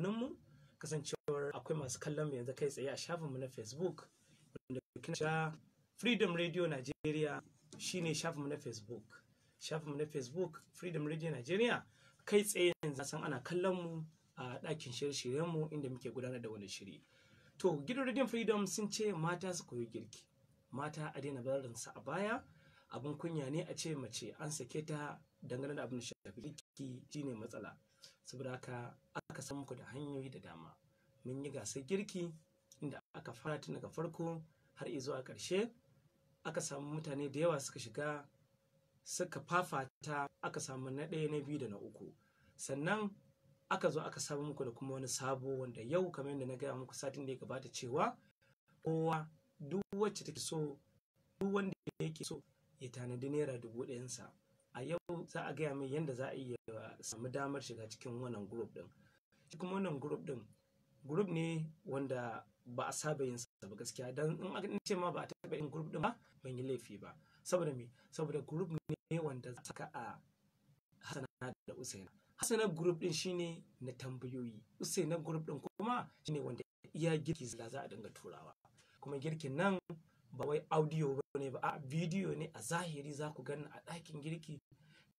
mu kasancewar akwai masu kallon mu yanzu kai tsaye a mu na facebook wanda kina sha freedom radio nigeria shine shafinmu na facebook shafinmu na facebook freedom radio nigeria kai tsaye yanzu san ana kallon mu a ɗakin shirye mu inda muke gudanar da wani shiri to gidan radio freedom sun ce mata su koyi girki mata a daina su a baya abin kunya ne a ce mace an sake ta dangane da abin da shafi girki shine matsala saboda haka aka san muku da hanyoyi da dama mun yi gasar girki inda aka fara tun daga farko har zuwa ƙarshe aka samu mutane da yawa suka shiga suka fafata aka samu na ɗaya na biyu da na uku sannan aka zo aka samu muku da kuma wani sabo wanda yau kamar yadda na gaya muku satin da ya gabata cewa kowa duk wacce take so duk wanda yake so ya tanadi naira dubu ɗayansa a yau za a gaya min yadda za a iya samu damar shiga cikin wannan group din shi kuma wannan group din group ne wanda ba a saba yin sa ba gaskiya dan in a ce ma ba a taba yin group din ba ban yi laifi ba saboda me saboda group ne wanda za ka a Hassana da Usaina Hassana group din shine na tambayoyi Usaina group din kuma shine wanda iya girki za a dinga turawa kuma girkin nan ba wai audio ba ne ba a video ne a zahiri za ku gani a ɗakin girki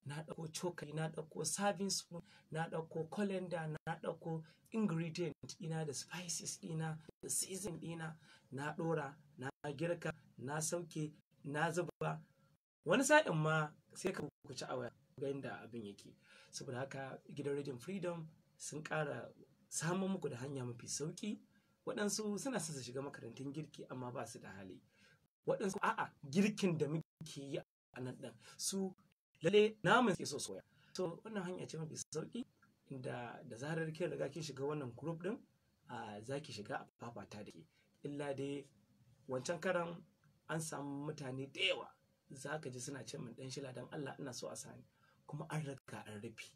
na ɗauko cokali na ɗauko serving spoon na ɗauko colander na ɗauko ingredient ina da spices ina da season ina na ɗora na girka na sauke na zuba wani sa'in ma sai ka ku ci a waya ga yadda abin yake saboda haka gidan rajin freedom sun ƙara samun muku da hanya mafi sauki waɗansu suna son su shiga makarantun girki amma ba su da hali waɗansu a'a girkin da muke yi a nan ɗan. su lalle naman ke so soya so wannan hanya ce mafi sauki inda da zarar kin riga kin shiga wannan group ɗin za zaki shiga a fafata da ke illa dai wancan karan an samu mutane da yawa za ka ji suna ce min ɗan shila don Allah ina so a sani kuma an riga an rufe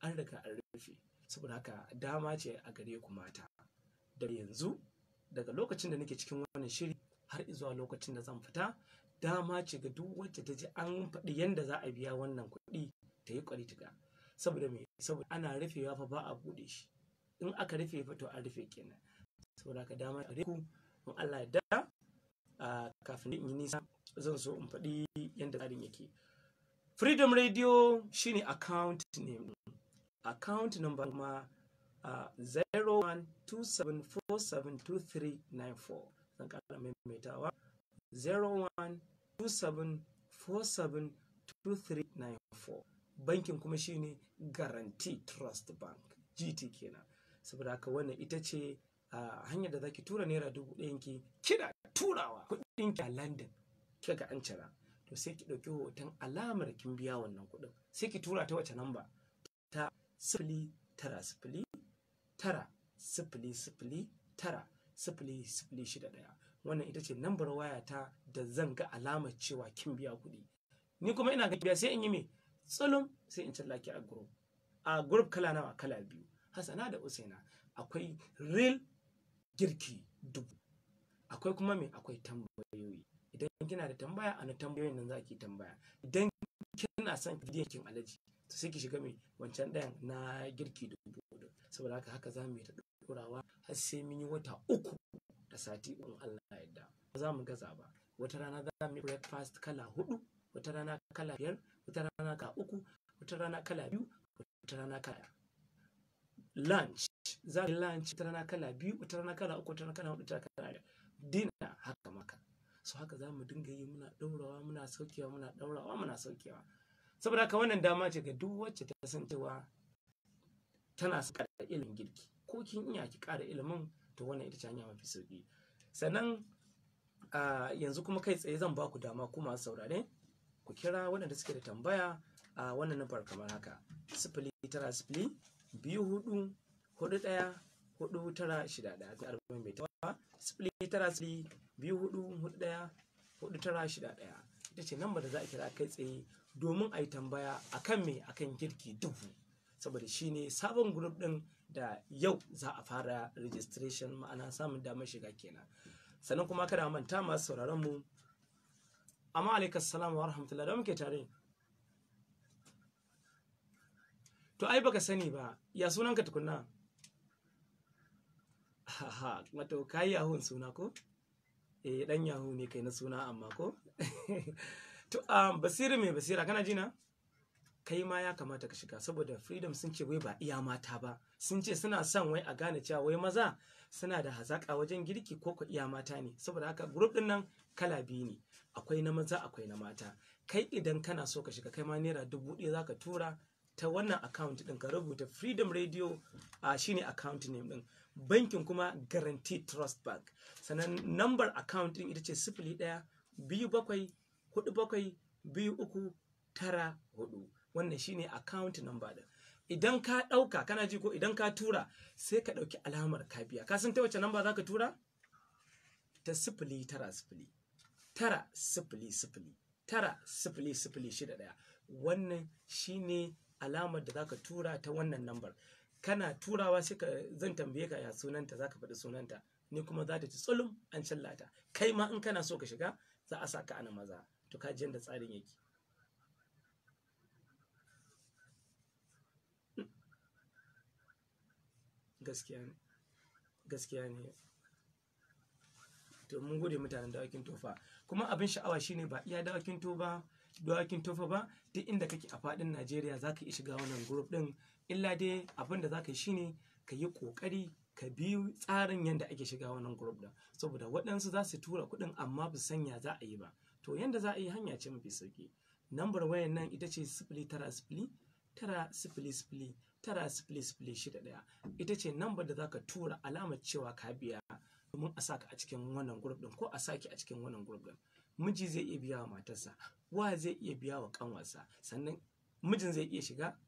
an riga an rufe saboda haka dama ce a gare ku mata da yanzu daga lokacin da nake cikin wannan shiri har izuwa lokacin da zan fita dama ce ga duk wacce ta ji an faɗi yadda za a biya wannan kuɗi ta yi ƙwari tuka saboda me saboda ana rufewa fa ba a buɗe shi in aka rufe fa to an rufe kenan saboda ka dama a ku in Allah ya da kafin in yi nisa zan so in faɗi yadda tsarin yake freedom radio shine account mu account number ma 0127472394 zan kara maimaitawa 0127472394 bankin kuma shine guarantee trust bank gt kenan saboda haka wannan ita ce a hanyar da za ki tura naira dubu ɗayan ki kina turawa kuɗin ki a london kika ga an cira to sai ki ɗauki hoton alamar kin biya wannan kuɗin sai ki tura ta wace namba ta sifili tara sifili tara sifili sifili tara sifili sifili shida ɗaya wannan ita ce lambar waya ta da zan ga alamar cewa kin biya kuɗi ni kuma ina ga biya sai in yi me tsulum sai in tallaki a group a group kala nawa kala biyu hasana da usaina akwai real girki dubu akwai kuma me akwai tambayoyi idan kina da tambaya a tambayoyin nan za ki tambaya idan kina son bidiyon kin alaji to sai ki shiga mai wancan ɗayan na girki dubu saboda haka haka za mu yi ta turawa har sai mun yi wata uku da sati in Allah ya yarda ba za mu gaza ba wata rana za mu yi breakfast kala hudu wata rana kala biyar wata rana kala uku wata rana kala biyu wata rana kala lunch za mu lunch wata rana kala biyu wata rana kala uku wata rana kala hudu wata rana kala biyar haka maka so haka za mu dinga yi muna ɗaurawa muna saukewa muna ɗaurawa muna saukewa saboda haka wannan dama ce ga duk wacce ta san cewa tana saka da ilimin girki ko kin iya ki ƙara ilimin to wannan ita ce hanya mafi sauki sannan yanzu kuma kai tsaye zan baku dama ku masu saurare ku kira waɗanda suke da tambaya a wannan nufar kamar haka sifili tara sifili biyu hudu hudu ɗaya hudu tara shida ɗaya zan tawa sifili tara sifili biyu hudu hudu ɗaya hudu tara shida ɗaya ita ce nan da za a kira kai tsaye domin a yi tambaya akan me kan girki dubu saboda shine sabon grup ɗin da yau za a fara registration ma'ana samun damar shiga kenan sannan kuma kada manta masu sauraron mu amma alaikas salam wa rahmatullahi da muke tare to ai baka sani ba ya sunan ka tukunna haha wato kai yahoo suna ko eh dan yahu ne kai na suna amma ko to um ah, basira mai basira kana jina kai ma ya kamata ka shiga saboda freedom sun ce wai ba iya mata ba sun ce suna son wai a gane cewa wai maza suna da hazaƙa wajen girki ko ku iya mata ne saboda haka group din nan kala biyu ne akwai na maza akwai na mata kai idan kana so ka shiga kai ma naira dubu ɗaya zaka tura ta wannan account din ka rubuta freedom radio a shine account name din bankin kuma guarantee trust bank sannan number account din ita ce sifili ɗaya biyu bakwai hudu bakwai biyu uku tara hudu wannan shine account number din idan ka ɗauka kana ji ko idan ka tura sai ka ɗauki alamar ka biya ka san ta wace number za tura ta sifili tara tara tara shida ɗaya wannan shine alamar da zaka tura ta wannan number. kana turawa sai ka zan tambaye ka ya sunanta zaka faɗi sunanta ni kuma za ta ci tsulum an cillata kai ma in kana so ka shiga za a sa ka ana maza to ka ji yadda tsarin yake gaskiya ne gaskiya ne to mun gode mutanen dawakin tofa kuma abin sha'awa shine ba iya dawakin tofa dawakin tofa ba duk inda kake a fadin Najeriya zaka iya shiga wannan group din illa dai abin da zaka yi shine ka yi kokari ka bi tsarin yanda ake shiga wannan group din saboda waɗansu za su tura kuɗin amma ba sanya za a yi ba to yanda za a yi hanya ce mafi sauki lambar wayan nan ita ce sifili tara sifili tara sifili sifili tara sifili sifili shida ɗaya ita ce nambar da za ka tura alamar cewa ka biya domin a saka a cikin wannan group ɗin ko a saki a cikin wannan group ɗin miji zai iya biya wa matarsa wa zai iya biya wa kanwarsa sannan mijin zai iya shiga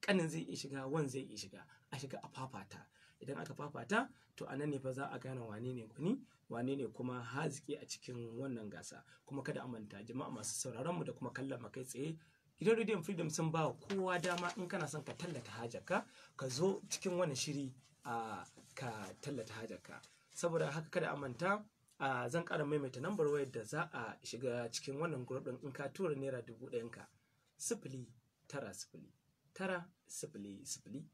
kanin zai iya shiga wan zai iya shiga a shiga a fafata idan aka fafata to a nan ne fa za a gane wane ne kuni wane ne kuma haziki a cikin wannan gasa kuma kada a manta jama'a masu sauraron mu da kuma kallon mu kai tsaye gidan rediyon freedom sun ba kowa dama in kana son ka tallata hajarka ka zo cikin wani shiri a ka tallata hajarka saboda haka kada a manta a zan kara maimaita nambar wayar da za a shiga cikin wannan gurbin in ka tura naira dubu ɗayanka sifili tara sifili tara sifili sifili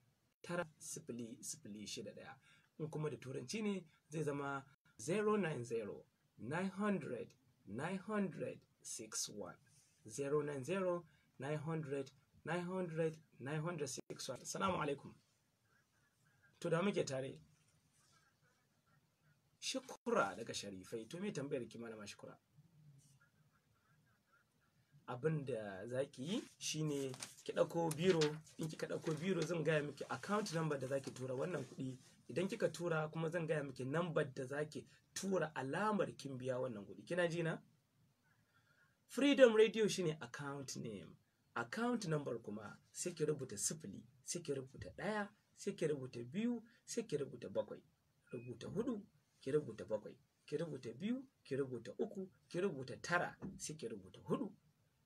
tara sifili sifili shida ɗaya in kuma da turanci ne zai zama 090 900 900 900 961 salamu alaikum to da muke tare shukura daga sharifai to me tambayar ki malama shukura abin da za ki yi shine ki ɗauko biro in kika ɗauko biro zan gaya miki account number da zaki tura wannan kuɗi idan kika tura kuma zan gaya miki number da zaki tura alamar kin biya wannan kuɗi kina ji na freedom radio shine account name account number kuma sai ki rubuta sifili sai ki rubuta ɗaya sai ki rubuta biyu sai ki rubuta bakwai rubuta hudu ki rubuta bakwai ki rubuta biyu ki rubuta uku ki rubuta tara sai ki rubuta hudu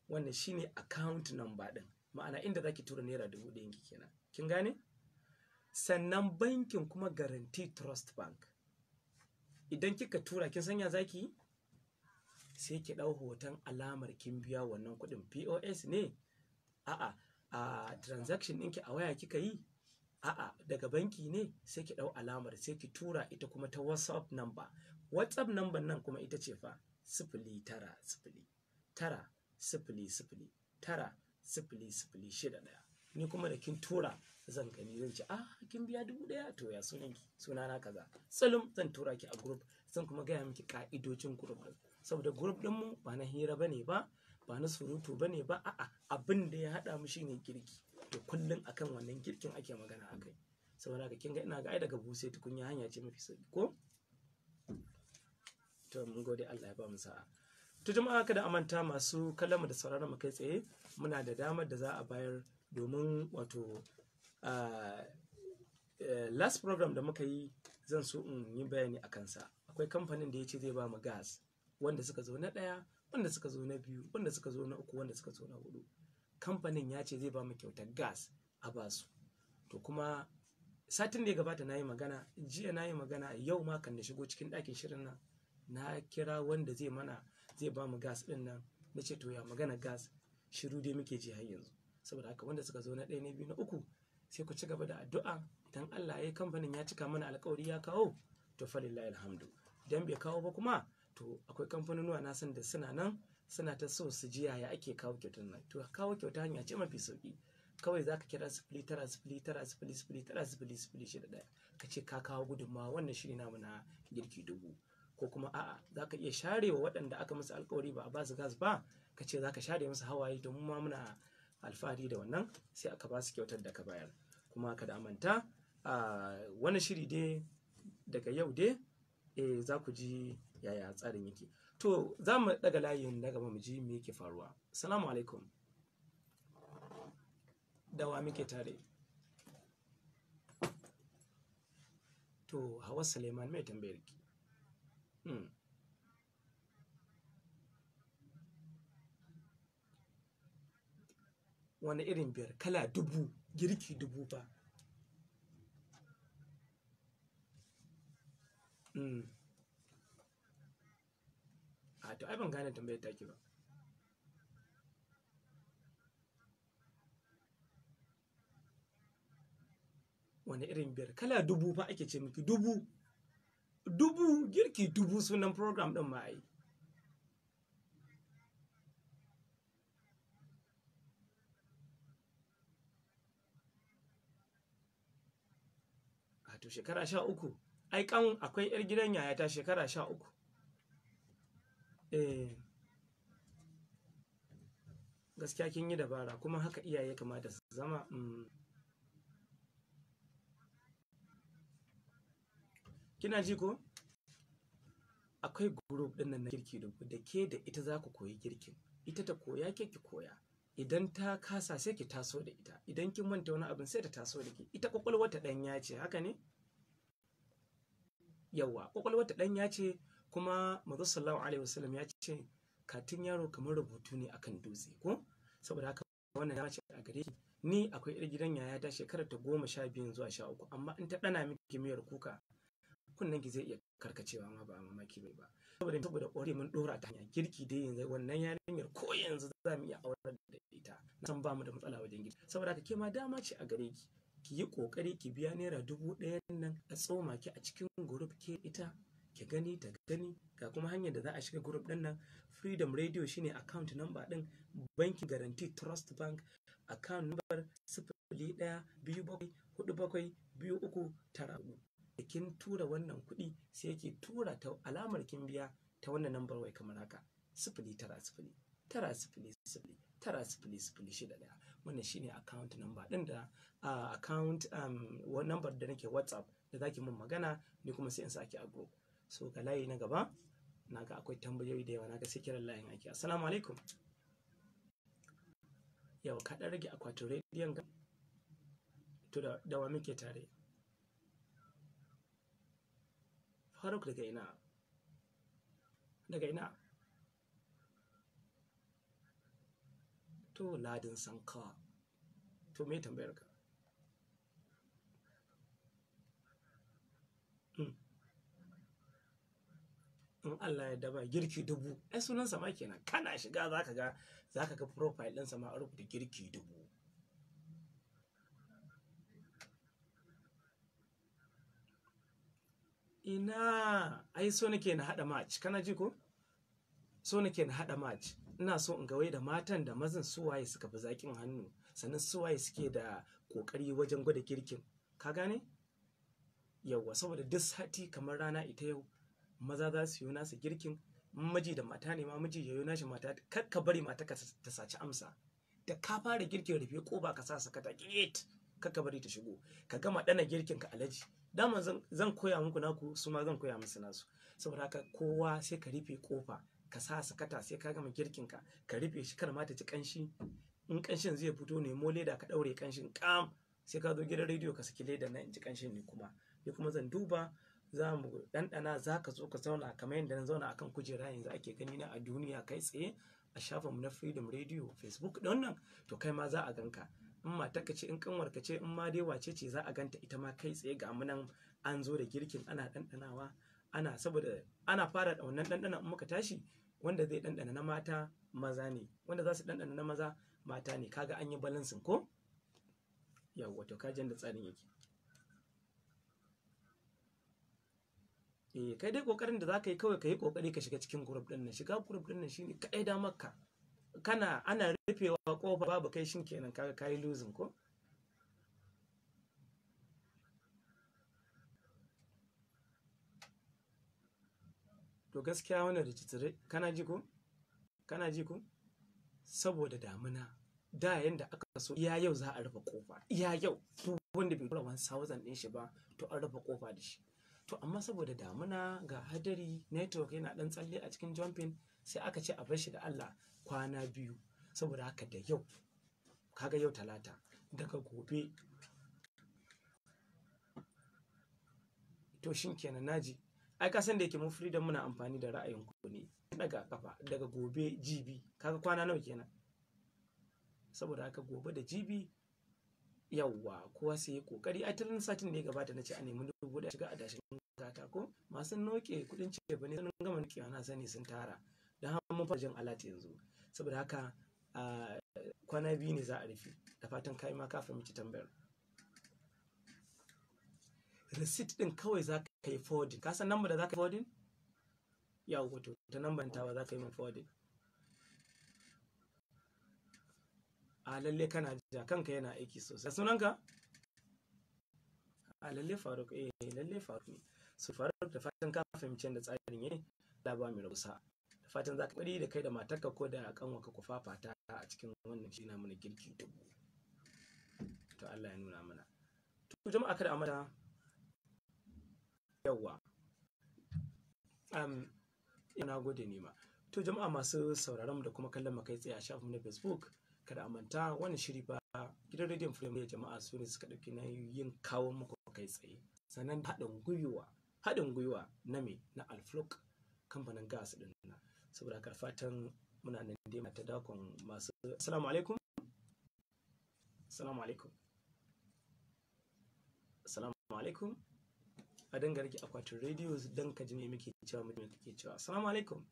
wannan shine account number ɗin. ma'ana inda zaki tura naira dubu ɗayan ki kenan kin gane sannan bankin kuma guarantee trust bank idan kika tura kin sanya zaki sai ki ɗau hoton alamar kin biya wannan kuɗin pos ne a'a a transaction ɗinki a waya kika yi a'a daga banki ne sai ki ɗau alamar sai ki tura ita kuma ta whatsapp number whatsapp number nan kuma ita ce fa sifili tara sifili tara sifili sifili tara sifili sifili shida ɗaya ni kuma da kin tura zan gani zan ce ah kin biya dubu ɗaya to ya sunan ki sunana kaza salum zan tura ki a group zan kuma gaya miki ka'idojin group saboda group ɗinmu ba na hira bane ba ba na surutu ba ne ba a'a abin da ya haɗa mu ne girki to kullum akan wannan girkin ake magana a kai. saboda ka kinga ina ga ai daga buse tukunya hanya ce mafi sauki ko to mun gode Allah ya ba mu sa'a to jama'a kada a manta masu kallon mu da sauraron mu kai tsaye muna da damar da za a bayar domin wato last program da muka yi zan so in yi bayani a kansa akwai kamfanin da ya ce zai ba mu gas wanda suka zo na ɗaya wanda suka zo na biyu wanda suka zo na uku wanda suka zo na hudu kamfanin ya ce zai ba mu kyautar gas a basu to kuma satin da ya gabata na yi magana jiya na yi magana yau ma kan da shigo cikin ɗakin shirin nan na kira wanda zai mana zai ba mu gas ɗin nan na ce to ya magana gas shiru dai muke ji har yanzu saboda haka wanda suka zo na ɗaya na biyu na uku sai ku ci gaba da addu'a dan Allah ya eh, kamfanin ya cika mana alkawari ya kawo to falillahi alhamdu dan bai kawo ba kuma to akwai kamfanonuwa na san da suna nan suna ta so su ji yaya ake kawo kyautar nan to kawo kyauta hanya ce mafi sauki kawai zaka kira sifili tara sifili tara sifili sifili tara sifili sifili shida daya ka ce ka kawo gudunmawa wannan shiri namu na girki dubu ko kuma a'a zaka iya share wa waɗanda aka musu alkawari ba a ba su gas ba ka ce zaka share musu hawaye domin ma muna alfahari da wannan sai aka ba su kyautar da ka bayar kuma ka amanta a ah, wani shiri dai daga yau dai eh za ku ji yaya tsarin yake to za mu daga layin na gaba mu ji me yake faruwa assalamu alaikum dawa muke tare to hawa suleiman mai tambayar ki hmm. wani irin biyar kala dubu girki dubu ba Hmm. A ah, to ai ban gane tambayar taki ba. Wani irin biyar? Kala dubu fa ake ce miki dubu. Dubu girki dubu sunan program ɗin ma ai. A ah, to shekara sha uku. ai kan akwai yar gidan yayata shekara sha uku eh. gaskiya kin yi dabara kuma haka iyaye kamata su zama mm. kina ji ko akwai group din nan na girki da ke da ita za ku koyi girkin ita ta koya ke ki koya idan ta kasa sai ki taso da ita idan kin manta wani abin sai ta taso da ki ita kwakwalwar ta ɗanya ce haka ne yawa kwakwalwar ta ɗanya ce kuma manzo alaihi wasallam ya ce katin yaro kamar rubutu ne akan dutse ko saboda haka wannan ya ce a gare ni akwai yar gidan yaya ta shekara ta goma sha biyu zuwa sha uku amma in ta ɗana miki miyar kuka kunnan ki zai iya karkacewa ma ba mamaki bai ba saboda saboda ƙwarai mun ɗora ta hanya girki dai yanzu wannan yarinyar ko yanzu za mu iya aurar da ita na san ba mu da matsala wajen girki saboda haka ke ma dama ce a gare ki ki yi ƙoƙari ki biya naira dubu ɗaya nan a tsoma ki a cikin group ke ita ki gani ta gani ga kuma hanyar da za a shiga group ɗin nan freedom radio shine account number ɗin banki guarantee trust bank account number sifili ɗaya biyu bakwai hudu bakwai biyu uku tara hudu da kin tura wannan kuɗi sai ki tura ta alamar kin biya ta wannan number wai kamar haka sifili tara sifili tara sifili sifili tara sifili sifili shida ɗaya wannan shine account number din da uh, account um, number da nake whatsapp da zaki mun magana ni kuma sai in saki a group so ga layi na gaba naga akwai tambayoyi da yawa naga sai kiran layin aiki assalamu alaikum yau ka dan rage akwatin rediyon ga to da dawa muke tare faruk daga ina daga ina to ladin kawa, to me tambayar ka hmm. in Allah ya daba girki dubu ai sunansa ma kenan kana shiga zaka ga zaka ga profile ɗinsa ma a rubuta girki dubu ina ai so nake na haɗa match kana ji ko so nake na haɗa match ina so in ga wai da matan da mazan suwaye suka fi zaƙin hannu sannan suwaye suke da ƙoƙari wajen gwada girkin ka gane yawwa saboda duk sati kamar rana ita yau maza za su yi nasu girkin Maji da mata ne ma miji ya yi nashi mata kar ka bari mata ka ta saci amsa da ka fara girkin rufe ko ba ka sa ta gate kar ka bari ta shigo ka gama dana girkin ka alaji dama zan koya muku naku su ma zan koya musu nasu saboda haka kowa sai ka rufe kofa ka sa sakata sai ka gama girkin ka ka rufe shi kar ma ta ci kanshi in kanshin zai fito ne mo leda ka daure kanshin kam sai ka zo gidan rediyo ka saki leda na in ji kanshin ne kuma ni kuma zan duba za mu dandana za ka zo ka zauna kamar yadda na zauna akan kujera yanzu ake gani na a duniya kai tsaye a mu na freedom radio facebook da wannan to kai ma za a ganka in matarka ce in kanwarka ce in ma dai wace ce za a ganta ita ma kai tsaye ga munan an zo da girkin ana ɗanɗanawa ana saboda ana fara wannan ɗanɗana in muka tashi wanda zai ɗanɗana na mata maza ne wanda za su ɗanɗana na maza mata ne kaga an yi balansin ko yawwa to kajin da tsarin yake eh kai dai kokarin da zaka yi kawai kai kokari ka shiga cikin group din nan shiga group din nan shine kai da maka kana ana rufewa kofa babu kai shin kenan kaga kai losing ko to gaskiya wannan rikici kana ji ko kana ji ko saboda damuna da yanda aka so iya yau za a rufe kofa iya yau duk wanda bai kura 1000 din shi ba to an rufe kofa da shi to amma saboda damuna ga hadari network yana dan tsalle a cikin jumping sai aka ce a bar shi da Allah kwana biyu saboda haka da yau kaga yau talata daga gobe to shin kenan naji ai kasan da yake mun freedom muna amfani da ra'ayin ku ne daga kafa daga gobe jibi kaga kwana nawa kenan saboda haka gobe da jibi yawwa kowa sai ya kokari a tirin satin da ya gabata na ce a nemi dubu da shiga a dashin Ko masu noke kudin ce ne? sun gama noke wani sani sun tara don haka mun fara jan alat yanzu saboda haka kwana biyu ne za a rufe da fatan kai ma ka fahimci tambayar receipt din kawai za ka yi forwarding ka san number da za ka yi forwarding ya wato ta number ta ba za ka yi min forwarding a lalle kana ja kanka yana aiki sosai ka a lalle faruk eh lalle faruk ne su faruk da fatan ka fahimci da tsarin ne? da ba mu rusa da fatan za ka bari da kai da matarka ko da kanwarka ku fata a cikin wannan shi na mana girki dubu to Allah ya nuna mana to jama'a kada amana Yawwa. ina eh, gode nema To jama'a masu sauraron da kuma kallon makai kai tsaye a shafinmu na Facebook, kada a manta wannan shiri ba gidan freedom ne jama'a su ne suka dauki na yin kawo muku kai tsaye. Sannan haɗin gwiwa, haɗin gwiwa na me na Alfluk kamfanin gas ɗin nan. Saboda ka fatan muna nan dai ta dakon masu Assalamu alaikum. Assalamu alaikum. Assalamu alaikum. a dinga rike akwatin rediyo don ka ji me muke cewa muke muke cewa assalamu alaikum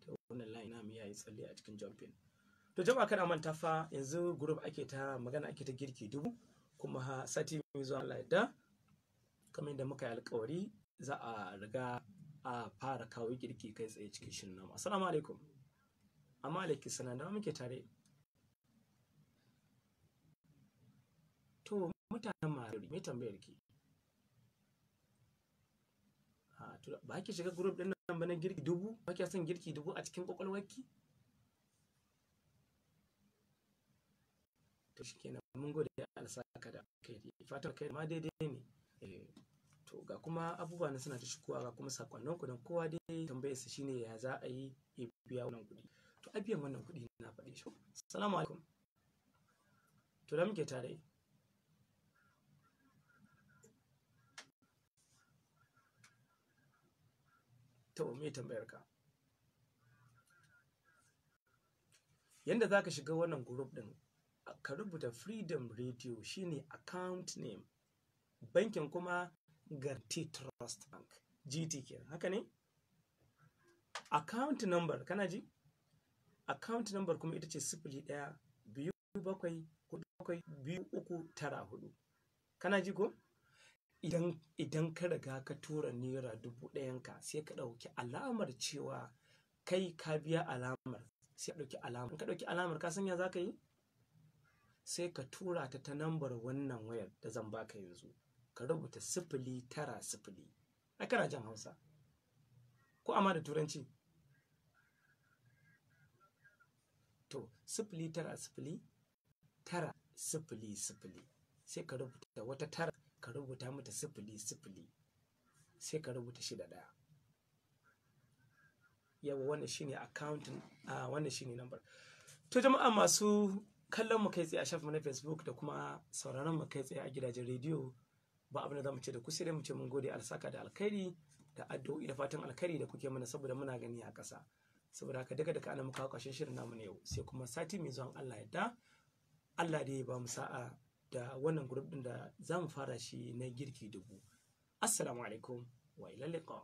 to wannan line na mu yayi tsalle a cikin jumping to jama'a kada manta fa yanzu group ake ta magana ake ta girki dubu kuma sati mai zuwa Allah da kamar yadda muka yi alƙawari za a riga a fara kawo girki kai tsaye cikin shirin namu assalamu alaikum amma alaiki sana da muke tare to mutanen mariri mai tambayar ki tura ba ki shiga group din nan ba na girki dubu ba ki son girki dubu a cikin kwakwalwarki to shikenan mun gode alsaka da kai fatan kai ma daidai ne eh, to ga kuma abubuwa na suna ta shigowa ga kuma sakonnin dan kowa dai tambayar su shine ya za a yi ya biya wannan kuɗi to a biyan wannan kuɗi na faɗi shi assalamu alaikum to da muke tare To me tambayar ka? Yanda zaka shiga wannan group din ka rubuta Freedom Radio shine account name, bankin kuma Guarantee Trust Bank, GT kenan, haka ne? Account number, kana ji? Account number kuma ita ce 01 ɗaya biyu bakwai hudu bakwai Kana ji ko? idan ka riga ka tura naira dubu ɗayan ka sai ka ɗauki alamar cewa kai ka biya alamar sai ka ɗauki alamar ka ɗauki alamar ka sanya za ka yi sai ka tura ta ta nambar wannan wayar da zan baka yanzu ka rubuta sifili tara sifili a kana jan hausa ko amma da turanci to sifili tara sifili tara sifili sifili sai ka rubuta wata tara ka rubuta mata sifili sifili sai ka rubuta shida daya. yawa wannan shine accounting a wannan shine number to jama'a masu kallon mu kai tsaye a shafin na facebook da kuma sauraron mu kai tsaye a gidajen rediyo ba abin da zamu ce da ku sai dai mu ce mun gode alsaka da alkhairi da addu'o'i da fatan alkhairi da kuke mana saboda muna gani a ƙasa saboda haka daga daga ana muka kawo shirin namu na yau sai kuma sati mai zuwa Allah ya da Allah da ya ba mu sa'a da wannan group din da za fara shi na girki dubu assalamu alaikum wa ilal liqa